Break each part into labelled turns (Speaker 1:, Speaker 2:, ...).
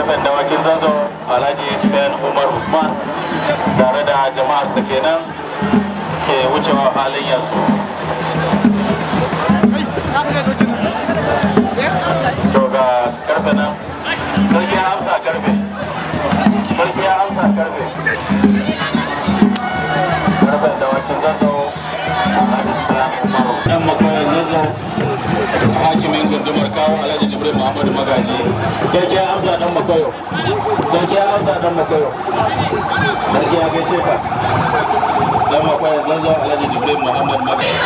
Speaker 1: karfen dawakin zazo alhaji ben umar usman tare da sa kenan ke wucewa halin yanzu to karfe nan karfe karfe karfen dawakin zazo alhaji hakimin gundumar kawo alhaji jibril muhammad magaji sarki ya amsa dan makoyo sarki ya amsa dan makoyo sarki ya gaishe ka dan makoyo zan zo alhaji jibril muhammad magaji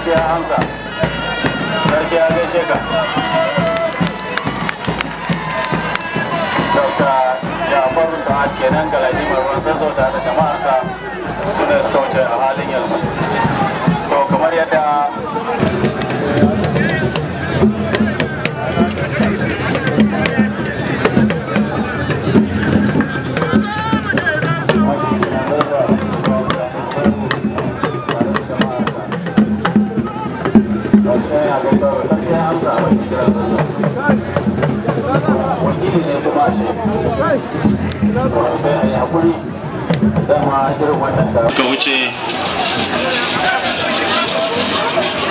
Speaker 1: Yeah, I'm sorry. sarki ya gaishe ka dauta jafaru sa'ad kenan galadi mai ruwan sassauta da jama'arsa su ne suka wuce a halin yanzu ka wuce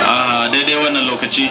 Speaker 1: a ah, daidai wannan lokaci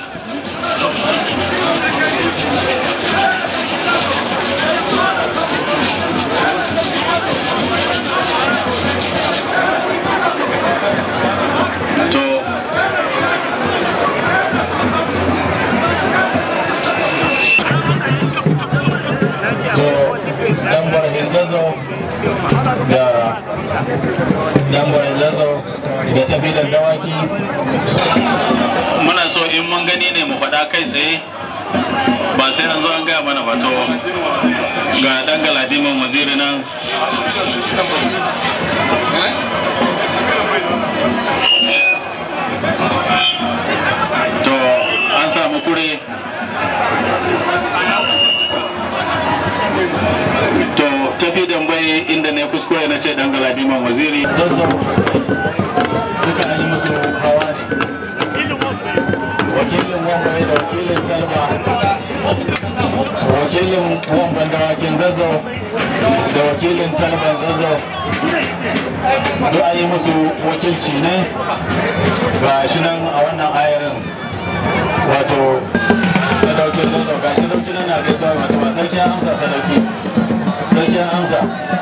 Speaker 1: muna so in mun gani ne mu faɗa kai tsaye ba sai an zo an gaya mana ba ga dan galadimin waziri nan waziri zazzau duka an yi musu hawa ne wakilin wamba da wakilin talba wakilin wamba da wakin zazo da wakilin talba zazzau duk an yi musu wakilci ne ga shi nan a wannan ayarin wato sadaukin lalo ga sadaukin nan na gaisuwa wato ba sarki amsa sadauki sarki amsa